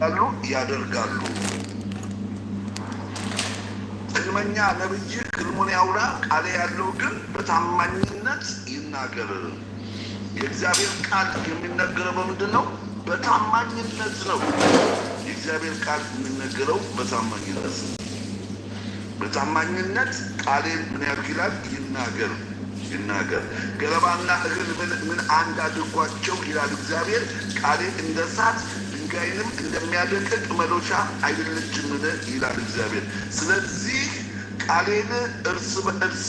ያሉ ያደርጋሉ። ሕልመኛ ነብይ ሕልሙን ያውራ፣ ቃል ያለው ግን በታማኝነት ይናገር። የእግዚአብሔር ቃል የሚነገረው በምንድን ነው? በታማኝነት ነው። የእግዚአብሔር ቃል የሚነገረው በታማኝነት ነው። በታማኝነት ቃሌን ምን ያርግላል? ይናገር ይናገር። ገለባና እህል ምን አንድ አድርጓቸው ይላል እግዚአብሔር። ቃሌ እንደ እሳት ድንጋይንም እንደሚያደቅቅ መዶሻ አይደለችምን ይላል እግዚአብሔር። ስለዚህ ቃሌን እርስ በእርስ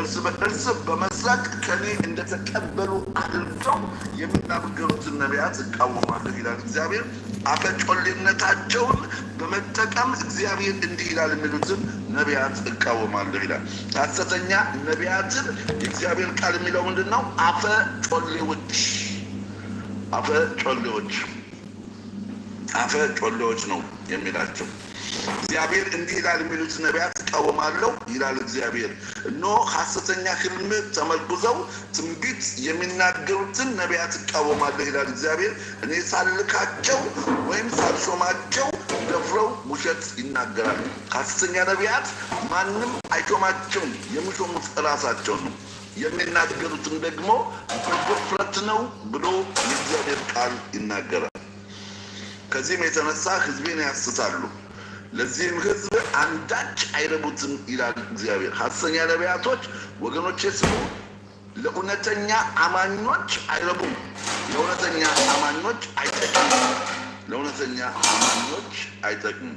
እርስ በእርስ በመስራቅ ከኔ እንደተቀበሉ አድርገው የሚናገሩትን ነቢያት እቃወማለሁ ይላል እግዚአብሔር። አፈጮሌነታቸውን በመጠቀም እግዚአብሔር እንዲህ ይላል የሚሉትን ነቢያት እቃወማለሁ ይላል። ሐሰተኛ ነቢያትን የእግዚአብሔር ቃል የሚለው ምንድን ነው? አፈ ጮሌዎች አፈ ጮሌዎች አፈ ጮሌዎች ነው የሚላቸው። እግዚአብሔር እንዲህ ይላል የሚሉት ነቢያት እቃወማለሁ ይላል እግዚአብሔር። እነሆ ሐሰተኛ ህልም ተመርኩዘው ትንቢት የሚናገሩትን ነቢያት እቃወማለሁ ይላል እግዚአብሔር። እኔ ሳልካቸው ወይም ሳልሾማቸው ደፍረው ውሸት ይናገራል። ሐሰተኛ ነቢያት ማንም አይሾማቸውም፣ የሚሾሙት እራሳቸው ነው። የሚናገሩትን ደግሞ በድፍረት ነው ብሎ የእግዚአብሔር ቃል ይናገራል። ከዚህም የተነሳ ህዝቤን ያስታሉ፣ ለዚህም ህዝብ አንዳች አይረቡትም ይላል እግዚአብሔር። ሐሰተኛ ነቢያቶች ወገኖቼ ስሙ፣ ለእውነተኛ አማኞች አይረቡም፣ ለእውነተኛ አማኞች አይጠቅም፣ ለእውነተኛ አማኞች አይጠቅም።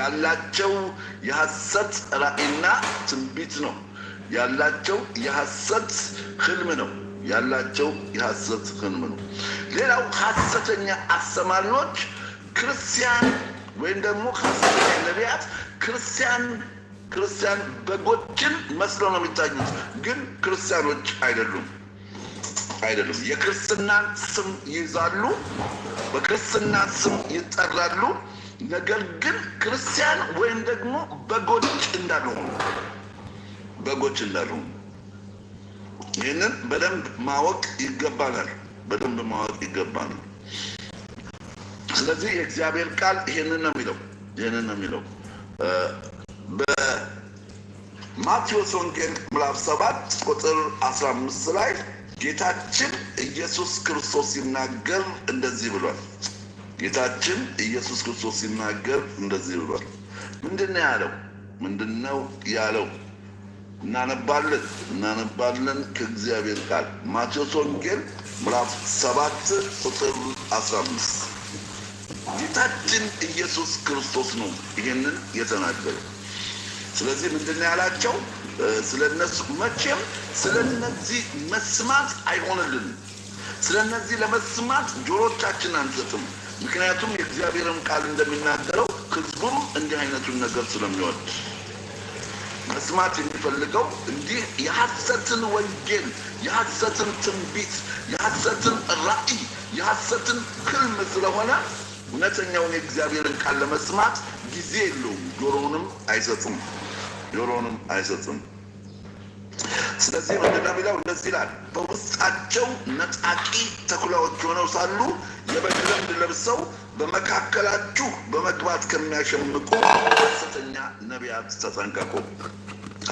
ያላቸው የሐሰት ራዕይና ትንቢት ነው። ያላቸው የሐሰት ህልም ነው። ያላቸው የሐሰት ህልም ነው። ሌላው ሐሰተኛ አስተማሪዎች ክርስቲያን ወይም ደግሞ ሐሰተኛ ነቢያት ክርስቲያን ክርስቲያን በጎችን መስለው ነው የሚታዩት፣ ግን ክርስቲያኖች አይደሉም አይደሉም። የክርስትናን ስም ይይዛሉ፣ በክርስትና ስም ይጠራሉ። ነገር ግን ክርስቲያን ወይም ደግሞ በጎች እንዳልሆኑ በጎች እንዳልሆኑ ይህንን በደንብ ማወቅ ይገባናል። በደንብ ማወቅ ይገባናል። ስለዚህ የእግዚአብሔር ቃል ይህንን ነው የሚለው ይህንን ነው የሚለው በማቴዎስ ወንጌል ምዕራፍ ሰባት ቁጥር አስራ አምስት ላይ ጌታችን ኢየሱስ ክርስቶስ ሲናገር እንደዚህ ብሏል። ጌታችን ኢየሱስ ክርስቶስ ሲናገር እንደዚህ ብሏል። ምንድን ነው ያለው? ምንድን ነው ያለው? እናነባለን እናነባለን ከእግዚአብሔር ቃል ማቴዎስ ወንጌል ምዕራፍ ሰባት ቁጥር አስራ አምስት ጌታችን ኢየሱስ ክርስቶስ ነው ይህንን የተናገረ። ስለዚህ ምንድን ያላቸው? ስለ እነሱ መቼም ስለ እነዚህ መስማት አይሆንልንም። ስለ እነዚህ ለመስማት ጆሮቻችን አንሰጥም። ምክንያቱም የእግዚአብሔርን ቃል እንደሚናገረው ህዝቡም እንዲህ አይነቱን ነገር ስለሚወድ መስማት የሚፈልገው እንዲህ የሐሰትን ወንጌል፣ የሐሰትን ትንቢት፣ የሐሰትን ራእይ፣ የሐሰትን ህልም ስለሆነ እውነተኛውን የእግዚአብሔርን ቃል ለመስማት ጊዜ የለውም። ጆሮውንም አይሰጡም፣ ጆሮውንም አይሰጡም። ስለዚህ መደዳም እንደዚህ ይላል፣ በውስጣቸው ነጣቂ ተኩላዎች ሆነው ሳሉ የበግ ለምድ ለብሰው በመካከላችሁ በመግባት ከሚያሸምቁ ሐሰተኛ ነቢያት ተጠንቀቁ።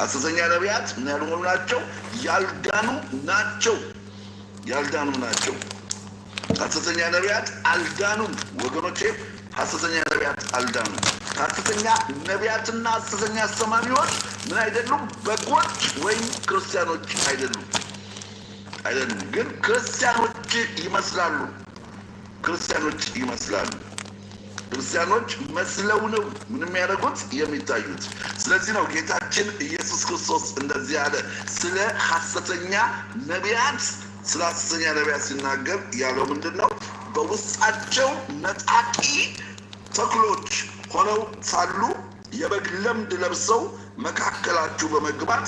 ሐሰተኛ ነቢያት ምን ያልሆኑ ናቸው? ያልዳኑ ናቸው። ያልዳኑ ናቸው። ሐሰተኛ ነቢያት አልዳኑም። ወገኖቼ ሐሰተኛ ነቢያት አልዳኑም። ሐሰተኛ ነቢያትና ሐሰተኛ አስተማሪዎች ምን አይደሉም? በጎች ወይም ክርስቲያኖች አይደሉም አይደሉም፣ ግን ክርስቲያኖች ይመስላሉ። ክርስቲያኖች ይመስላሉ። ክርስቲያኖች መስለው ነው ምን የሚያደርጉት የሚታዩት። ስለዚህ ነው ጌታችን ኢየሱስ ክርስቶስ እንደዚህ ያለ ስለ ሐሰተኛ ነቢያት ስለ ሐሰተኛ ነቢያት ሲናገር ያለው ምንድን ነው? በውስጣቸው ነጣቂ ተክሎች ሆነው ሳሉ የበግ ለምድ ለብሰው መካከላችሁ በመግባት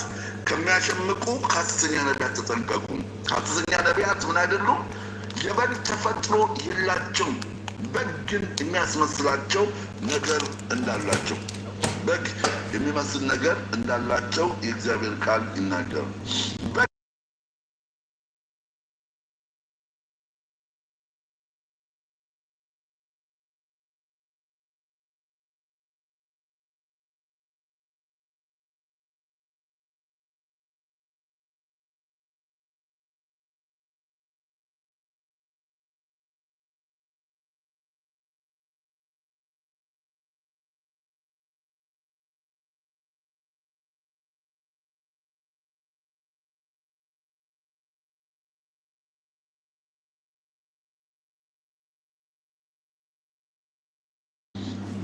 ከሚያሸምቁ ከሐሰተኛ ነቢያት ተጠንቀቁ። ሐሰተኛ ነቢያት ምን አይደሉም የበግ ተፈጥሮ የላቸው። በግ ግን የሚያስመስላቸው ነገር እንዳላቸው በግ የሚመስል ነገር እንዳላቸው የእግዚአብሔር ቃል ይናገራል።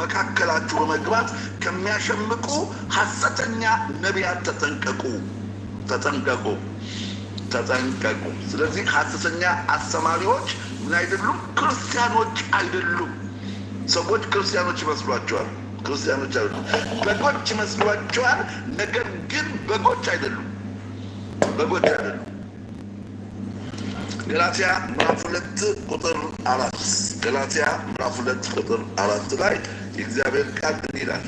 መካከላችሁ በመግባት ከሚያሸምቁ ሐሰተኛ ነቢያት ተጠንቀቁ፣ ተጠንቀቁ፣ ተጠንቀቁ። ስለዚህ ሐሰተኛ አስተማሪዎች ምን አይደሉም? ክርስቲያኖች አይደሉም። ሰዎች ክርስቲያኖች ይመስሏቸዋል። ክርስቲያኖች አይደሉም። በጎች ይመስሏቸዋል። ነገር ግን በጎች አይደሉም። በጎች አይደሉም። ገላትያ ምዕራፍ ሁለት ቁጥር አራት ገላትያ ምዕራፍ ሁለት ቁጥር አራት ላይ የእግዚአብሔር ቃል እንዲህ ይላል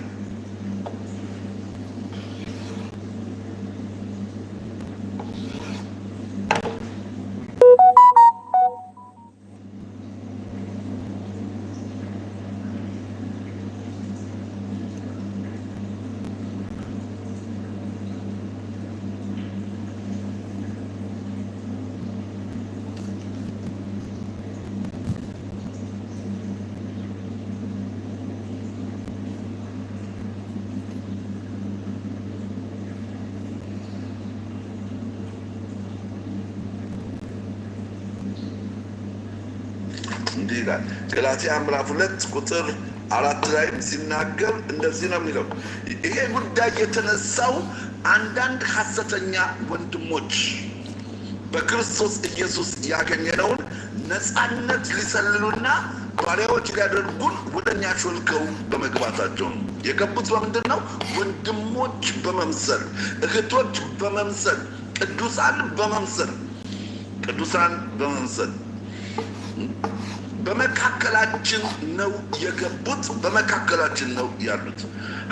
እንደዚህ ይላል። ገላትያ ምዕራፍ ሁለት ቁጥር አራት ላይ ሲናገር እንደዚህ ነው የሚለው። ይሄ ጉዳይ የተነሳው አንዳንድ ሐሰተኛ ወንድሞች በክርስቶስ ኢየሱስ ያገኘነውን ነፃነት ሊሰልሉና ባሪያዎች ሊያደርጉን ወደ እኛ ሾልከው በመግባታቸው ነው። የገቡት በምንድን ነው? ወንድሞች በመምሰል እህቶች በመምሰል ቅዱሳን በመምሰል ቅዱሳን በመምሰል በመካከላችን ነው የገቡት፣ በመካከላችን ነው ያሉት።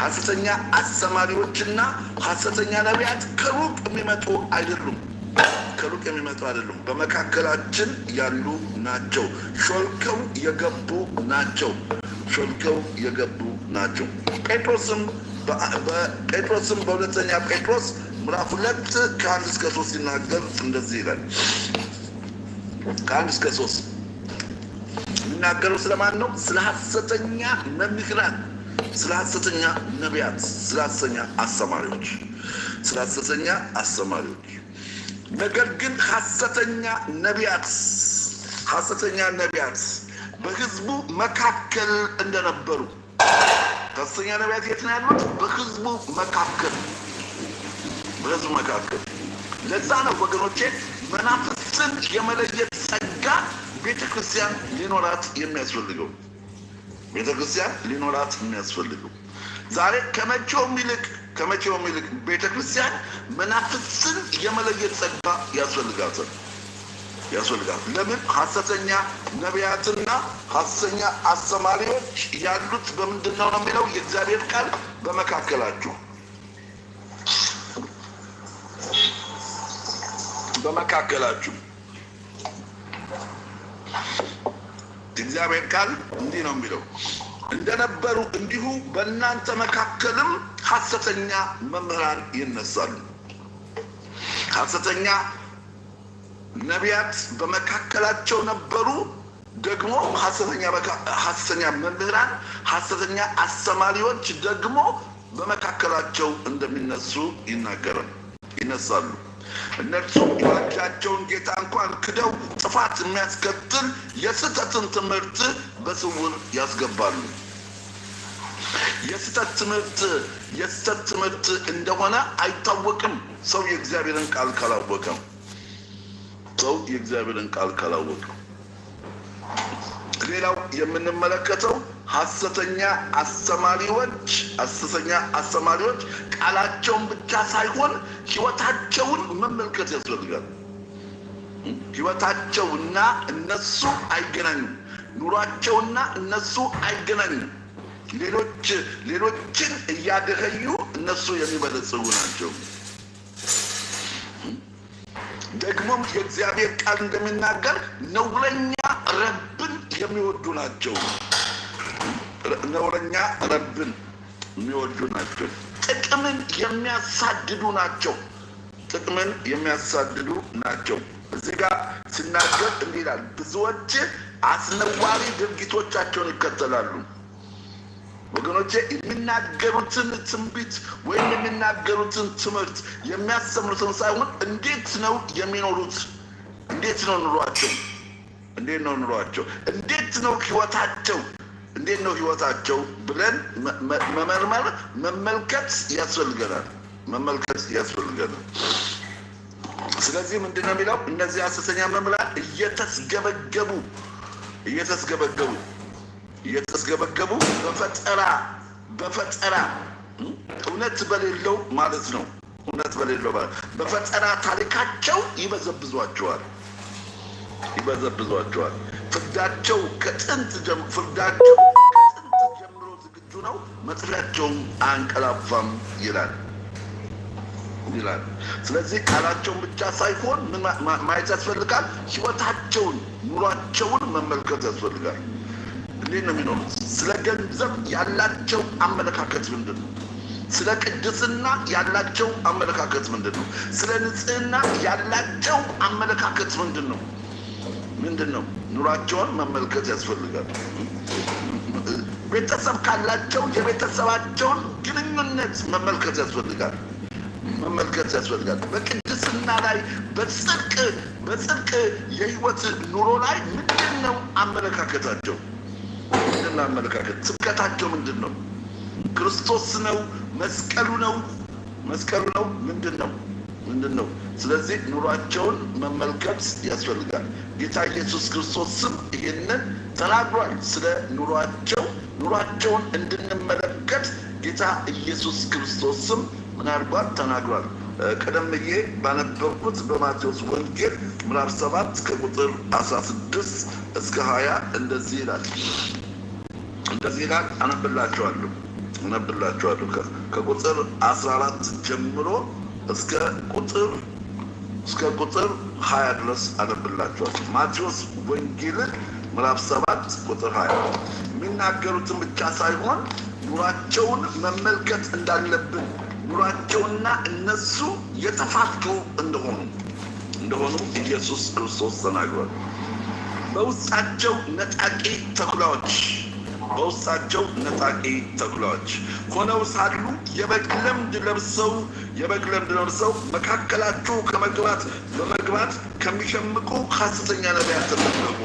ሐሰተኛ አስተማሪዎችና ሐሰተኛ ነቢያት ከሩቅ የሚመጡ አይደሉም፣ ከሩቅ የሚመጡ አይደሉም። በመካከላችን ያሉ ናቸው። ሾልከው የገቡ ናቸው። ሾልከው የገቡ ናቸው። ጴጥሮስም ጴጥሮስም በሁለተኛ ጴጥሮስ ምዕራፍ ሁለት ከአንድ እስከ ሶስት ሲናገር እንደዚህ ይላል። ከአንድ እስከ ሶስት የሚናገረው ስለማን ነው? ስለ ሐሰተኛ መምህራን፣ ስለ ሐሰተኛ ነቢያት፣ ስለ ሐሰተኛ አስተማሪዎች፣ ስለ ሐሰተኛ አስተማሪዎች። ነገር ግን ሐሰተኛ ነቢያት ሐሰተኛ ነቢያት በህዝቡ መካከል እንደነበሩ ሐሰተኛ ነቢያት የት ነው ያሉት? በህዝቡ መካከል በህዝቡ መካከል። ለዛ ነው ወገኖቼ መናፍስትን የመለየት ጸጋ ቤተ ክርስቲያን ሊኖራት የሚያስፈልገው ቤተ ክርስቲያን ሊኖራት የሚያስፈልገው ዛሬ ከመቼውም ይልቅ ከመቼውም ይልቅ ቤተ ክርስቲያን መናፍስትን የመለየት ጸጋ ያስፈልጋታል ያስፈልጋል። ለምን ሀሰተኛ ነቢያትና ሀሰተኛ አስተማሪዎች ያሉት በምንድን ነው የሚለው የእግዚአብሔር ቃል በመካከላችሁ በመካከላችሁ የእግዚአብሔር ቃል እንዲህ ነው የሚለው እንደነበሩ እንዲሁ በእናንተ መካከልም ሀሰተኛ መምህራን ይነሳሉ። ሀሰተኛ ነቢያት በመካከላቸው ነበሩ። ደግሞ ሀሰተኛ መምህራን፣ ሀሰተኛ አስተማሪዎች ደግሞ በመካከላቸው እንደሚነሱ ይናገራል፣ ይነሳሉ። እነርሱም የዋጃቸውን ጌታ እንኳን ክደው ጥፋት የሚያስከትል የስህተትን ትምህርት በስውር ያስገባሉ። የስህተት ትምህርት የስህተት ትምህርት እንደሆነ አይታወቅም፣ ሰው የእግዚአብሔርን ቃል ካላወቀም ሰው የእግዚአብሔርን ቃል ካላወቀም። ሌላው የምንመለከተው ሐሰተኛ አሰማሪዎች ሐሰተኛ አሰማሪዎች ቃላቸውን ብቻ ሳይሆን ሕይወታቸውን መመልከት ያስፈልጋል። ሕይወታቸውና እነሱ አይገናኙም። ኑሯቸውና እነሱ አይገናኙም። ሌሎች ሌሎችን እያደኸዩ እነሱ የሚበለጽጉ ናቸው። ደግሞም የእግዚአብሔር ቃል እንደሚናገር ነውረኛ ረብን የሚወዱ ናቸው። ነውረኛ ረብን የሚወዱ ናቸው። ጥቅምን የሚያሳድዱ ናቸው። ጥቅምን የሚያሳድዱ ናቸው። እዚህ ጋር ሲናገር እንዲህ ይላል፣ ብዙዎች አስነዋሪ ድርጊቶቻቸውን ይከተላሉ። ወገኖቼ የሚናገሩትን ትንቢት ወይም የሚናገሩትን ትምህርት የሚያሰምሩትን ሳይሆን እንዴት ነው የሚኖሩት? እንዴት ነው ኑሯቸው? እንዴት ነው ኑሯቸው? እንዴት ነው ህይወታቸው? እንዴት ነው ህይወታቸው ብለን መመርመር መመልከት ያስፈልገናል መመልከት ያስፈልገናል። ስለዚህ ምንድን ነው የሚለው እነዚህ ሐሰተኛ መምህራን እየተስገበገቡ እየተስገበገቡ እየተስገበገቡ በፈጠራ በፈጠራ እውነት በሌለው ማለት ነው እውነት በሌለው በፈጠራ ታሪካቸው ይበዘብዟቸዋል። ይበዘብዟቸዋል። ፍርዳቸው ከጥንት ፍርዳቸው ከጥንት ጀምሮ ዝግጁ ነው፣ መጥፊያቸውም አንቀላፋም ይላል ይላል። ስለዚህ ቃላቸውን ብቻ ሳይሆን ማየት ያስፈልጋል። ህይወታቸውን፣ ኑሯቸውን መመልከት ያስፈልጋል። እንዴት ነው የሚኖሩት? ስለ ገንዘብ ያላቸው አመለካከት ምንድን ነው? ስለ ቅድስና ያላቸው አመለካከት ምንድን ነው? ስለ ንጽህና ያላቸው አመለካከት ምንድን ነው? ምንድን ነው ኑሯቸውን መመልከት ያስፈልጋል። ቤተሰብ ካላቸው የቤተሰባቸውን ግንኙነት መመልከት ያስፈልጋል መመልከት ያስፈልጋል። በቅድስና ላይ በጽድቅ በጽድቅ የህይወት ኑሮ ላይ ምንድን ነው አመለካከታቸው? ምንድን ነው አመለካከት ስብከታቸው ምንድን ነው? ክርስቶስ ነው መስቀሉ ነው መስቀሉ ነው ምንድን ነው ምንድን ነው? ስለዚህ ኑሯቸውን መመልከት ያስፈልጋል። ጌታ ኢየሱስ ክርስቶስ ስም ይሄንን ተናግሯል። ስለ ኑሯቸው ኑሯቸውን እንድንመለከት ጌታ ኢየሱስ ክርስቶስ ስም ምናልባት ተናግሯል። ቀደም ብዬ ባነበብኩት በማቴዎስ ወንጌል ምዕራፍ ሰባት ከቁጥር አስራ ስድስት እስከ ሀያ እንደዚህ ይላል እንደዚህ ይላል አነብላችኋለሁ አነብላችኋለሁ ከቁጥር አስራ አራት ጀምሮ እስከ ቁጥር እስከ ቁጥር ሀያ ድረስ አነብላችኋል። ማቴዎስ ወንጌልን ምዕራፍ ሰባት ቁጥር ሀያ የሚናገሩትን ብቻ ሳይሆን ኑሯቸውን መመልከት እንዳለብን ኑሯቸውና እነሱ የተፋቱ እንደሆኑ እንደሆኑ ኢየሱስ ክርስቶስ ተናግሯል። በውስጣቸው ነጣቂ ተኩላዎች በውስጣቸው ነጣቂ ተኩላዎች ሆነው ሳሉ የበግ ለምድ ለብሰው የበግ ለምድ ለብሰው መካከላችሁ ከመግባት በመግባት ከሚሸምቁ ሐሰተኛ ነቢያት ተጠንቀቁ።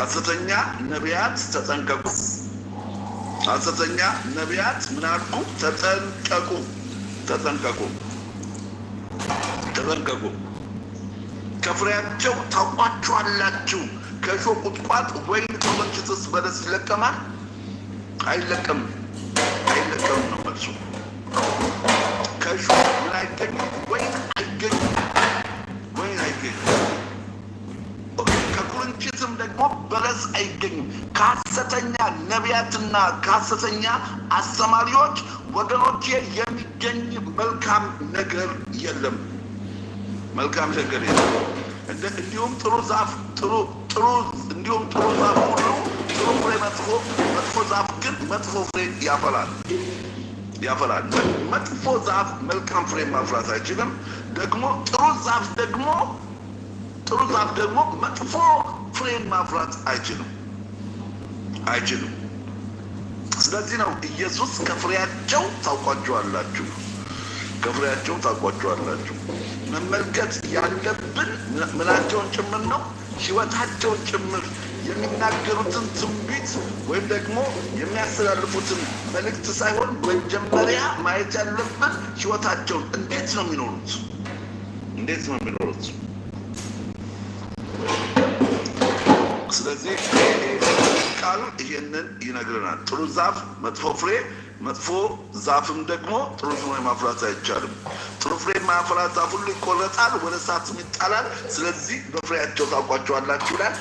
ሐሰተኛ ነቢያት ተጠንቀቁ። ሐሰተኛ ነቢያት ምናልኩ ተጠንቀቁ፣ ተጠንቀቁ፣ ተጠንቀቁ። ከፍሬያቸው ታውቋቸዋላችሁ። ከሾ ቁጥቋጥ ወይን ከወንጭትስ በለስ ይለቀማል? አይለቀም፣ አይለቀም ነው መልሱ። ከሾ ምን አይገኝም? ወይን አይገኝም፣ ወይን አይገኝም። ከቁርንጭትም ደግሞ በለስ አይገኝም። ከሐሰተኛ ነቢያትና ከሐሰተኛ አስተማሪዎች ወገኖቼ የሚገኝ መልካም ነገር የለም፣ መልካም ነገር የለም። እንዲሁም ጥሩ ዛፍ ጥሩ ጥሩ እንዲሁም ጥሩ ዛፍ ሁሉ ጥሩ ፍሬ መጥፎ፣ መጥፎ ዛፍ ግን መጥፎ ፍሬ ያፈላል ያፈላል። መጥፎ ዛፍ መልካም ፍሬ ማፍራት አይችልም። ደግሞ ጥሩ ዛፍ ደግሞ ጥሩ ዛፍ ደግሞ መጥፎ ፍሬ ማፍራት አይችልም አይችልም። ስለዚህ ነው ኢየሱስ ከፍሬያቸው ታውቋቸዋላችሁ፣ ከፍሬያቸው ታውቋቸዋላችሁ። መመልከት ያለብን ምናቸውን ጭምር ነው ሕይወታቸውን ጭምር የሚናገሩትን ትንቢት ወይም ደግሞ የሚያስተላልፉትን መልእክት ሳይሆን መጀመሪያ ማየት ያለብን ሕይወታቸውን እንዴት ነው የሚኖሩት? እንዴት ነው የሚኖሩት? ስለዚህ ቃሉ ይህንን ይነግረናል። ጥሩ ዛፍ መጥፎ ፍሬ መጥፎ ዛፍም ደግሞ ጥሩ ፍሬ ማፍራት አይቻልም። ጥሩ ፍሬ ማፍራት ዛፍ ሁሉ ይቆረጣል፣ ወደ እሳትም ይጣላል። ስለዚህ በፍሬያቸው ታውቋቸዋላችሁ ይላል።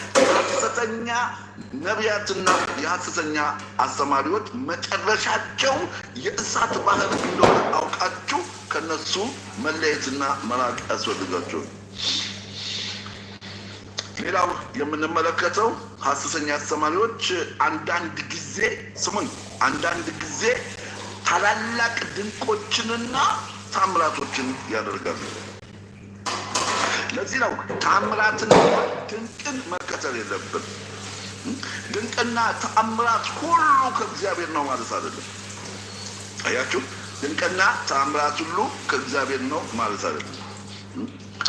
ሐሰተኛ ነቢያትና የሐሰተኛ አስተማሪዎች መጨረሻቸው የእሳት ባህል እንደሆነ አውቃችሁ ከነሱ መለየትና መራቅ ያስፈልጋቸዋል። ሌላው የምንመለከተው ሀሰተኛ አስተማሪዎች አንዳንድ ጊዜ ስሙኝ፣ አንዳንድ ጊዜ ታላላቅ ድንቆችንና ታምራቶችን ያደርጋሉ። ለዚህ ነው ታምራትን ድንቅን መከተል የለብን። ድንቅና ተአምራት ሁሉ ከእግዚአብሔር ነው ማለት አይደለም። አያችሁ፣ ድንቅና ተአምራት ሁሉ ከእግዚአብሔር ነው ማለት አይደለም።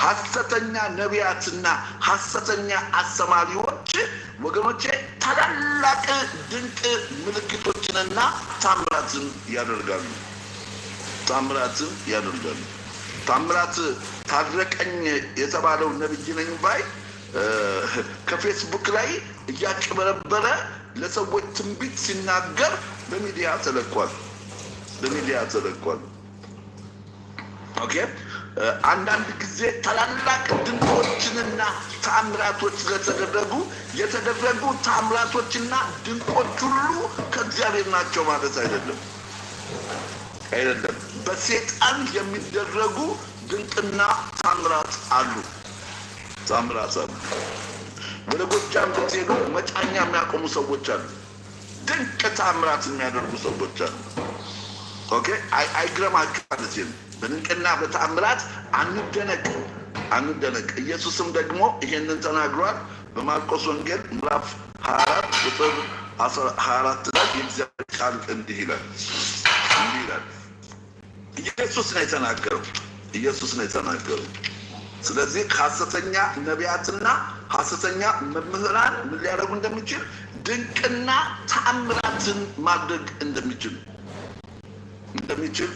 ሐሰተኛ ነቢያትና ሐሰተኛ አስተማሪዎች ወገኖቼ ታላላቅ ድንቅ ምልክቶችንና ታምራትን ያደርጋሉ። ታምራትን ያደርጋሉ። ታምራት ታረቀኝ የተባለው ነብይ ነኝ ባይ ከፌስቡክ ላይ እያጭበረበረ ለሰዎች ትንቢት ሲናገር በሚዲያ ተለቋል። በሚዲያ ተለቋል። ኦኬ አንዳንድ ጊዜ ታላላቅ ድንቆችንና ታምራቶች ስለተደረጉ የተደረጉ ታምራቶችና ድንቆች ሁሉ ከእግዚአብሔር ናቸው ማለት አይደለም። አይደለም። በሴጣን የሚደረጉ ድንቅና ታምራት አሉ። ታምራት አሉ። ወደ ጎጃም ብትሄዱ መጫኛ የሚያቆሙ ሰዎች አሉ። ድንቅ ታምራት የሚያደርጉ ሰዎች አሉ። ኦኬ። አይግረማችሁ ማለት ነው። በድንቅና በተአምራት አንደነቅ አንደነቅ። ኢየሱስም ደግሞ ይሄንን ተናግሯል። በማርቆስ ወንጌል ምዕራፍ 24 ቁጥር 24 ላይ የእግዚአብሔር ቃል እንዲህ ይላል እንዲህ ይላል። ኢየሱስ ነው የተናገረው። ኢየሱስ ነው የተናገረው። ስለዚህ ሐሰተኛ ነቢያትና ሐሰተኛ መምህራን ምን ሊያደርጉ እንደሚችል ድንቅና ተአምራትን ማድረግ እንደሚችል እንደሚችል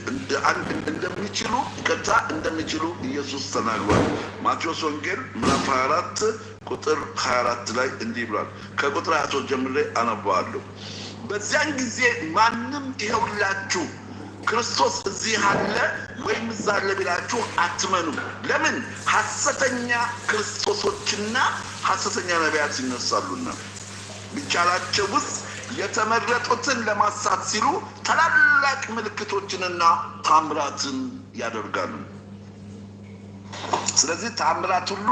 አንድ እንደሚችሉ ይቅርታ እንደሚችሉ ኢየሱስ ተናግሯል። ማቴዎስ ወንጌል ምዕራፍ 24 ቁጥር 24 ላይ እንዲህ ብሏል። ከቁጥር 23 ጀምሬ አነባዋለሁ። በዚያን ጊዜ ማንም ይኸውላችሁ ክርስቶስ እዚህ አለ ወይም እዛ አለ ቢላችሁ አትመኑ። ለምን? ሐሰተኛ ክርስቶሶችና ሐሰተኛ ነቢያት ይነሳሉና ቢቻላቸው ውስጥ የተመረጡትን ለማሳት ሲሉ ታላላቅ ምልክቶችንና ታምራትን ያደርጋሉ። ስለዚህ ታምራት ሁሉ